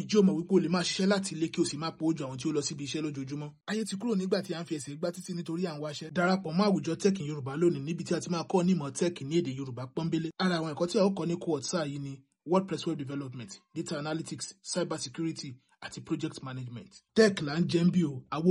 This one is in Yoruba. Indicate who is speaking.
Speaker 1: ìjẹ́ o mọ̀ wípé o lè máa ṣiṣẹ́ láti ilé kí o sì máa po ojú àwọn tí ó lọ síbi iṣẹ́ lójoojúmọ́. ayé ti kúrò nígbà tí a ń fi ẹsẹ̀ gbá títí nítorí à ń wáṣẹ́. darapọ̀ mọ́ àwùjọ tech yorùbá lónìí níbi tí a ti máa kọ́ onímọ̀ tech ní èdè yorùbá pọ́nbélé. ara àwọn ẹ̀kọ́ tí a ó kọ́ ní cohort yìí ni wordpress web development data analytics cyber security àti project management. tech là ń jẹ́ ń bí o àwo